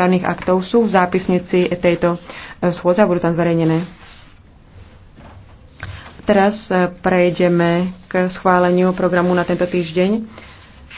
právnych aktov sú v zápisnici tejto e, schôdze a budú tam zverejnené. Teraz e, prejdeme k schváleniu programu na tento týždeň.